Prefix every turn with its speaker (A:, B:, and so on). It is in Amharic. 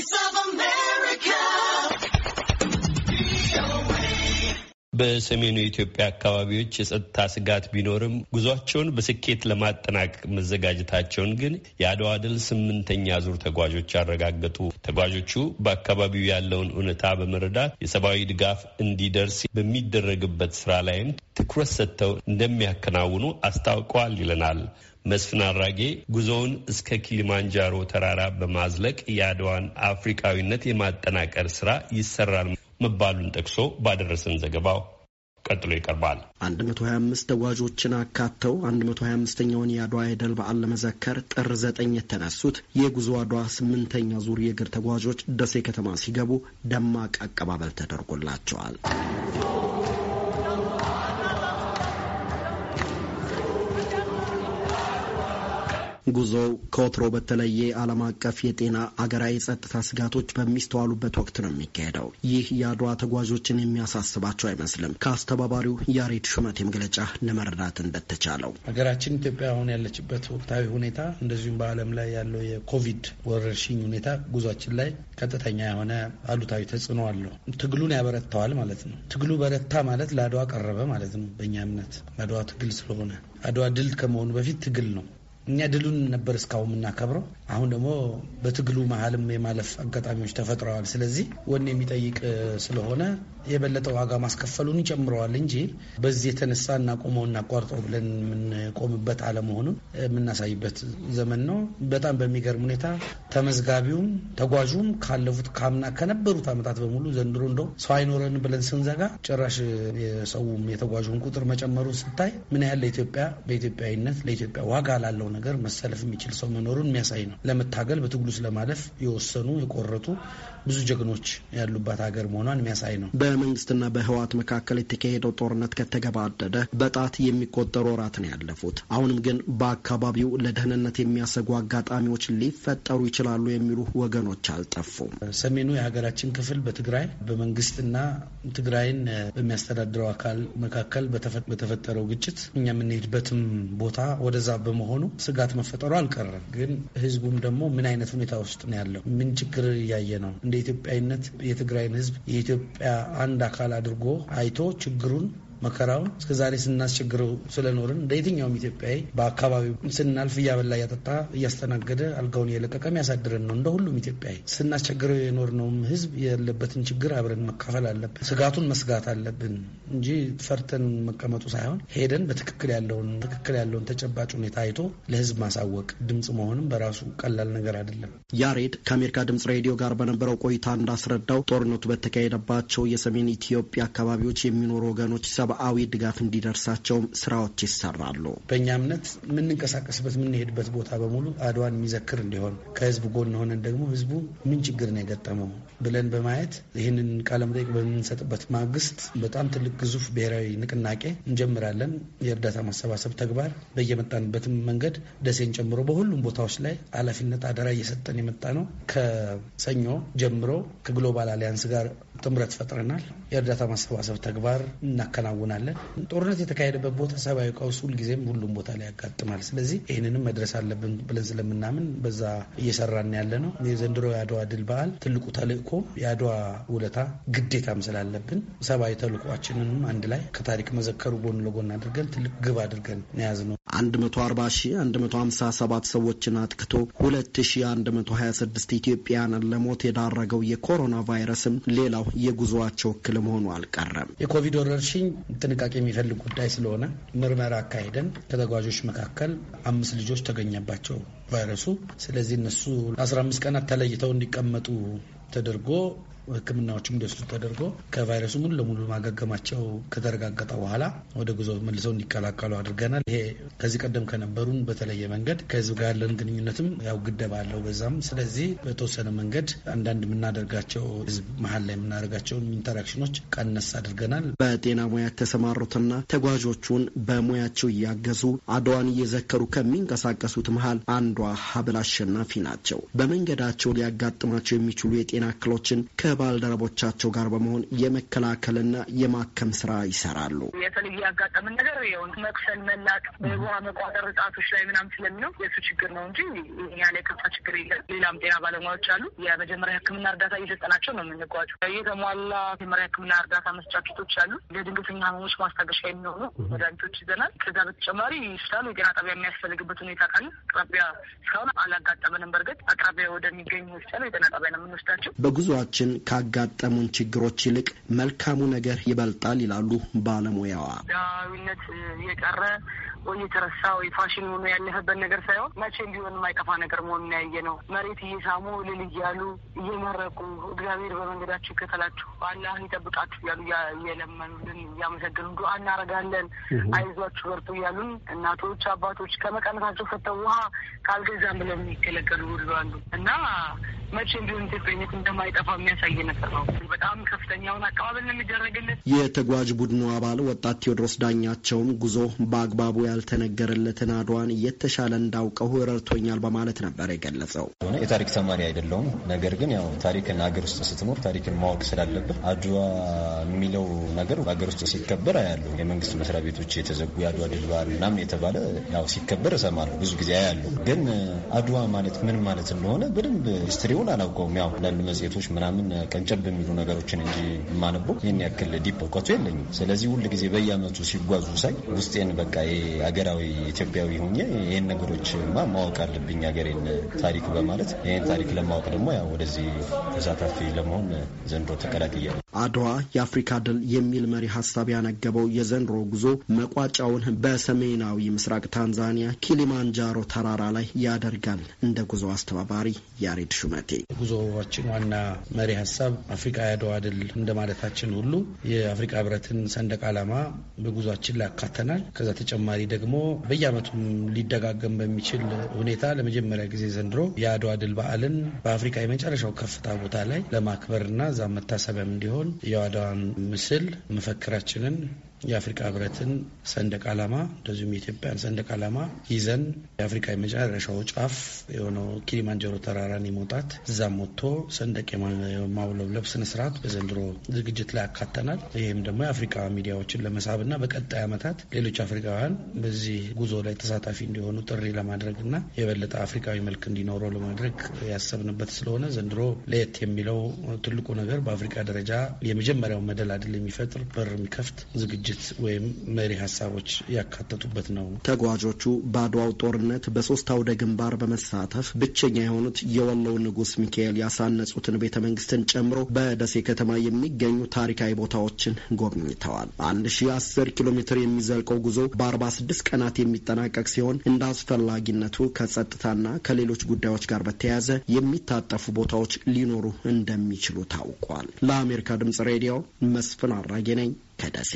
A: Voice of America.
B: በሰሜኑ የኢትዮጵያ አካባቢዎች የጸጥታ ስጋት ቢኖርም ጉዟቸውን በስኬት ለማጠናቀቅ መዘጋጀታቸውን ግን የአድዋ ድል ስምንተኛ ዙር ተጓዦች አረጋገጡ። ተጓዦቹ በአካባቢው ያለውን እውነታ በመረዳት የሰብአዊ ድጋፍ እንዲደርስ በሚደረግበት ስራ ላይም ትኩረት ሰጥተው እንደሚያከናውኑ አስታውቀዋል ይለናል። መስፍን አራጌ ጉዞውን እስከ ኪሊማንጃሮ ተራራ በማዝለቅ የአድዋን አፍሪካዊነት የማጠናቀር ስራ ይሰራል መባሉን ጠቅሶ ባደረሰን
A: ዘገባው ቀጥሎ ይቀርባል።
B: 125 ተጓዦችን አካተው 125ኛውን የአድዋ የድል በዓል ለመዘከር ጥር 9 የተነሱት የጉዞ አድዋ ስምንተኛ ዙር የእግር ተጓዦች ደሴ ከተማ ሲገቡ ደማቅ አቀባበል ተደርጎላቸዋል። ጉዞው ከወትሮ በተለየ ዓለም አቀፍ የጤና አገራዊ የጸጥታ ስጋቶች በሚስተዋሉበት ወቅት ነው የሚካሄደው። ይህ የአድዋ ተጓዦችን የሚያሳስባቸው አይመስልም። ከአስተባባሪው ያሬድ ሹመቴ መግለጫ ለመረዳት እንደተቻለው
A: ሀገራችን ኢትዮጵያ አሁን ያለችበት ወቅታዊ ሁኔታ እንደዚሁም በዓለም ላይ ያለው የኮቪድ ወረርሽኝ ሁኔታ ጉዟችን ላይ ቀጥተኛ የሆነ አሉታዊ ተጽዕኖ አለው። ትግሉን ያበረታዋል ማለት ነው። ትግሉ በረታ ማለት ለአድዋ ቀረበ ማለት ነው። በእኛ እምነት አድዋ ትግል ስለሆነ አድዋ ድል ከመሆኑ በፊት ትግል ነው። እኛ ድሉን ነበር እስካሁን የምናከብረው። አሁን ደግሞ በትግሉ መሀልም የማለፍ አጋጣሚዎች ተፈጥረዋል። ስለዚህ ወን የሚጠይቅ ስለሆነ የበለጠ ዋጋ ማስከፈሉን ይጨምረዋል እንጂ በዚህ የተነሳ እናቆመው እናቋርጠው ብለን የምንቆምበት አለመሆኑን የምናሳይበት ዘመን ነው። በጣም በሚገርም ሁኔታ ተመዝጋቢውም ተጓዡም ካለፉት ካምና ከነበሩት ዓመታት በሙሉ ዘንድሮ እንደው ሰው አይኖረን ብለን ስንዘጋ ጭራሽ የሰውም የተጓዡን ቁጥር መጨመሩ ስታይ ምን ያህል ለኢትዮጵያ በኢትዮጵያዊነት ለኢትዮጵያ ዋጋ ላለው ነገር መሰለፍ የሚችል ሰው መኖሩን የሚያሳይ ነው። ለመታገል በትግሉ ስለማለፍ የወሰኑ የቆረጡ ብዙ ጀግኖች ያሉባት ሀገር መሆኗን የሚያሳይ ነው።
B: በመንግስትና በህወሓት መካከል የተካሄደው ጦርነት ከተገባደደ በጣት የሚቆጠሩ ወራት ነው ያለፉት። አሁንም ግን በአካባቢው ለደህንነት የሚያሰጉ አጋጣሚዎች ሊፈጠሩ ይችላሉ የሚሉ ወገኖች አልጠፉም።
A: ሰሜኑ የሀገራችን ክፍል በትግራይ በመንግስትና ትግራይን በሚያስተዳድረው አካል መካከል በተፈጠረው ግጭት እኛ የምንሄድበትም ቦታ ወደዛ በመሆኑ ስጋት መፈጠሩ አልቀረም። ግን ህዝቡም ደግሞ ምን አይነት ሁኔታ ውስጥ ነው ያለው? ምን ችግር እያየ ነው? እንደ ኢትዮጵያዊነት የትግራይን ህዝብ የኢትዮጵያ አንድ አካል አድርጎ አይቶ ችግሩን መከራውን እስከዛሬ ስናስቸግረው ስለኖርን እንደ የትኛውም ኢትዮጵያዊ በአካባቢው ስናልፍ እያበላ እያጠጣ እያስተናገደ አልጋውን የለቀቀም ያሳድረን ነው። እንደ ሁሉም ኢትዮጵያዊ ስናስቸግረው የኖርነውም ህዝብ ያለበትን ችግር አብረን መካፈል አለብን። ስጋቱን መስጋት አለብን እንጂ ፈርተን መቀመጡ ሳይሆን ሄደን በትክክል ያለውን ትክክል ያለውን ተጨባጭ ሁኔታ አይቶ ለህዝብ ማሳወቅ ድምፅ መሆንም በራሱ ቀላል ነገር አይደለም።
B: ያሬድ ከአሜሪካ ድምፅ ሬዲዮ ጋር በነበረው ቆይታ እንዳስረዳው ጦርነቱ በተካሄደባቸው የሰሜን ኢትዮጵያ አካባቢዎች የሚኖሩ ወገኖች ሰብአዊ ድጋፍ እንዲደርሳቸውም ስራዎች ይሰራሉ።
A: በእኛ እምነት የምንንቀሳቀስበት የምንሄድበት ቦታ በሙሉ አድዋን የሚዘክር እንዲሆን ከህዝብ ጎን ሆነን ደግሞ ህዝቡ ምን ችግር ነው የገጠመው ብለን በማየት ይህንን ቃለ መጠይቅ በምንሰጥበት ማግስት በጣም ትልቅ ግዙፍ ብሔራዊ ንቅናቄ እንጀምራለን። የእርዳታ ማሰባሰብ ተግባር በየመጣንበትም መንገድ ደሴን ጨምሮ በሁሉም ቦታዎች ላይ ኃላፊነት አደራ እየሰጠን የመጣ ነው። ከሰኞ ጀምሮ ከግሎባል አሊያንስ ጋር ጥምረት ፈጥረናል። የእርዳታ ማሰባሰብ ተግባር እናከናወ እናከናውናለን። ጦርነት የተካሄደበት ቦታ ሰብአዊ ቀውስ ሁልጊዜም ሁሉም ቦታ ላይ ያጋጥማል። ስለዚህ ይህንንም መድረስ አለብን ብለን ስለምናምን በዛ እየሰራን ያለ ነው። የዘንድሮ የአድዋ ድል በዓል ትልቁ ተልእኮ የአድዋ ውለታ ግዴታም ስላለብን ሰብአዊ ተልእኳችንንም አንድ ላይ ከታሪክ መዘከሩ ጎን ለጎን አድርገን ትልቅ ግብ አድርገን
B: ነያዝ ነው። 140157 ሰዎችን አጥቅቶ 2126 ኢትዮጵያውያንን ለሞት የዳረገው የኮሮና ቫይረስም ሌላው የጉዞአቸው እክል መሆኑ አልቀረም።
A: የኮቪድ ወረርሽኝ ጥንቃቄ የሚፈልግ ጉዳይ ስለሆነ ምርመራ አካሄደን ከተጓዦች መካከል አምስት ልጆች ተገኘባቸው ቫይረሱ። ስለዚህ እነሱ 15 ቀናት ተለይተው እንዲቀመጡ ተደርጎ ህክምናዎችም እንደሱ ተደርጎ ከቫይረሱ ሙሉ ለሙሉ ማገገማቸው ከተረጋገጠ በኋላ ወደ ጉዞ መልሰው እንዲቀላቀሉ አድርገናል። ይሄ ከዚህ ቀደም ከነበሩን በተለየ መንገድ ከህዝብ ጋር ያለን ግንኙነትም ያው ግደባ አለው በዛም። ስለዚህ በተወሰነ መንገድ አንዳንድ የምናደርጋቸው ህዝብ መሀል ላይ የምናደርጋቸውን ኢንተራክሽኖች ቀነስ አድርገናል።
B: በጤና ሙያ የተሰማሩትና ተጓዦቹን በሙያቸው እያገዙ አድዋን እየዘከሩ ከሚንቀሳቀሱት መሀል አንዷ ሀብል አሸናፊ ናቸው። በመንገዳቸው ሊያጋጥማቸው የሚችሉ የጤና እክሎችን ከ ከባልደረቦቻቸው ጋር በመሆን የመከላከልና የማከም ስራ ይሰራሉ።
A: የተለየ ያጋጠምን ነገር የሆነ መክሰል መላቅ ውሃ መቋጠር እጣቶች ላይ ምናምን ስለሚሆን የእሱ ችግር ነው እንጂ እኛ ላይ ከፋ ችግር የለም። ሌላም ጤና ባለሙያዎች አሉ። የመጀመሪያ ሕክምና እርዳታ እየሰጠናቸው ነው የምንጓቸው። የተሟላ መጀመሪያ ሕክምና እርዳታ መስጫ ኪቶች አሉ። ለድንገተኛ ህመሞች ማስታገሻ የሚሆኑ መድኃኒቶች ይዘናል። ከዛ በተጨማሪ ይችላሉ የጤና ጣቢያ የሚያስፈልግበት ሁኔታ ካለ አቅራቢያ እስካሁን አላጋጠመንም። በእርግጥ አቅራቢያ ወደሚገኝ ሆስፒታል የጤና ጣቢያ ነው የምንወስዳቸው።
B: በጉዞአችን ካጋጠሙን ችግሮች ይልቅ መልካሙ ነገር ይበልጣል ይላሉ ባለሙያዋ።
A: ዳዊነት የቀረ ወይ የተረሳ ወይ ፋሽን ሆኖ ያለፈበት ነገር ሳይሆን መቼም ቢሆን የማይጠፋ ነገር መሆኑን ያየ ነው። መሬት እየሳሙ ልል እያሉ እየመረቁ እግዚአብሔር በመንገዳችሁ ይከተላችሁ፣ አላህ ይጠብቃችሁ እያሉ እየለመኑልን እያመሰገኑ ዱዓ እናደርጋለን። አይዟችሁ በርቱ እያሉን እናቶች፣ አባቶች ከመቀነታቸው ፈተው ውሃ ካልገዛም ብለው የሚገለገሉ ሁሉ አሉ እና መቼም ቢሆን ኢትዮጵያዊነት እንደማይጠፋ የሚያሳይ ነገር ነው። በጣም ከፍተኛውን አቀባበል የሚደረግለት
B: የተጓዥ ቡድኑ አባል ወጣት ቴዎድሮስ ዳኛቸውም ጉዞ በአግባቡ ያልተነገረለትን አድዋን እየተሻለ እንዳውቀው ረድቶኛል በማለት ነበር የገለጸው። የታሪክ ተማሪ አይደለውም። ነገር ግን ያው ታሪክን ሀገር ውስጥ ስትኖር ታሪክን ማወቅ ስላለብህ አድዋ የሚለው ነገር ሀገር ውስጥ ሲከበር አያለሁ። የመንግስት መስሪያ ቤቶች የተዘጉ የአድዋ ድል በዓል ምናምን የተባለ ያው ሲከበር እሰማለሁ ብዙ ጊዜ አያለሁ። ግን አድዋ ማለት ምን ማለት እንደሆነ በደንብ ስትሪው ብዙውን አላውቀውም። ያው አንዳንድ መጽሔቶች ምናምን ቀንጨብ የሚሉ ነገሮችን እንጂ የማነበው ይህን ያክል ዲፕ እውቀቱ የለኝም። ስለዚህ ሁል ጊዜ በየአመቱ ሲጓዙ ሳይ ውስጤን በቃ አገራዊ ኢትዮጵያዊ ሆኜ ይህን ነገሮች ማወቅ አለብኝ ሀገሬን ታሪክ በማለት ይህን ታሪክ ለማወቅ ደግሞ ያው ወደዚህ ተሳታፊ ለመሆን ዘንድሮ ተቀላቅያለሁ። አድዋ የአፍሪካ ድል የሚል መሪ ሀሳብ ያነገበው የዘንድሮ ጉዞ መቋጫውን በሰሜናዊ ምስራቅ ታንዛኒያ ኪሊማንጃሮ ተራራ ላይ ያደርጋል። እንደ ጉዞ አስተባባሪ ያሬድ ሹመቴ
A: ጉዞዎችን ዋና መሪ ሀሳብ አፍሪካ የአድዋ ድል እንደማለታችን ሁሉ የአፍሪካ ህብረትን ሰንደቅ ዓላማ በጉዟችን ላይ ያካተናል። ከዛ ተጨማሪ ደግሞ በየአመቱም ሊደጋገም በሚችል ሁኔታ ለመጀመሪያ ጊዜ ዘንድሮ የአድዋ ድል በዓልን በአፍሪካ የመጨረሻው ከፍታ ቦታ ላይ ለማክበርና እዛ መታሰቢያም እንዲሆን ያለውን የዋዳዋን ምስል መፈክራችንን የአፍሪካ ህብረትን ሰንደቅ ዓላማ እንደዚሁም የኢትዮጵያን ሰንደቅ ዓላማ ይዘን የአፍሪካ የመጨረሻው ጫፍ የሆነው ኪሊማንጀሮ ተራራን የመውጣት እዛም ወጥቶ ሰንደቅ የማውለብለብ ስነስርዓት በዘንድሮ ዝግጅት ላይ ያካተናል። ይህም ደግሞ የአፍሪካ ሚዲያዎችን ለመሳብና በቀጣይ ዓመታት ሌሎች አፍሪካውያን በዚህ ጉዞ ላይ ተሳታፊ እንዲሆኑ ጥሪ ለማድረግና የበለጠ አፍሪካዊ መልክ እንዲኖረው ለማድረግ ያሰብንበት ስለሆነ ዘንድሮ ለየት የሚለው ትልቁ ነገር በአፍሪካ ደረጃ የመጀመሪያው መደላድል የሚፈጥር በር የሚከፍት ዝግጅት ዝግጅት ወይም መሪ ሀሳቦች ያካተቱበት ነው።
B: ተጓዦቹ በአድዋው ጦርነት በሶስት አውደ ግንባር በመሳተፍ ብቸኛ የሆኑት የወሎው ንጉሥ ሚካኤል ያሳነጹትን ቤተ መንግስትን ጨምሮ በደሴ ከተማ የሚገኙ ታሪካዊ ቦታዎችን ጎብኝተዋል። አንድ ሺ አስር ኪሎ ሜትር የሚዘልቀው ጉዞ በአርባ ስድስት ቀናት የሚጠናቀቅ ሲሆን እንደ አስፈላጊነቱ ከጸጥታና ከሌሎች ጉዳዮች ጋር በተያያዘ የሚታጠፉ ቦታዎች ሊኖሩ እንደሚችሉ ታውቋል። ለአሜሪካ ድምጽ ሬዲዮ መስፍን አራጌ ነኝ። ከደሴ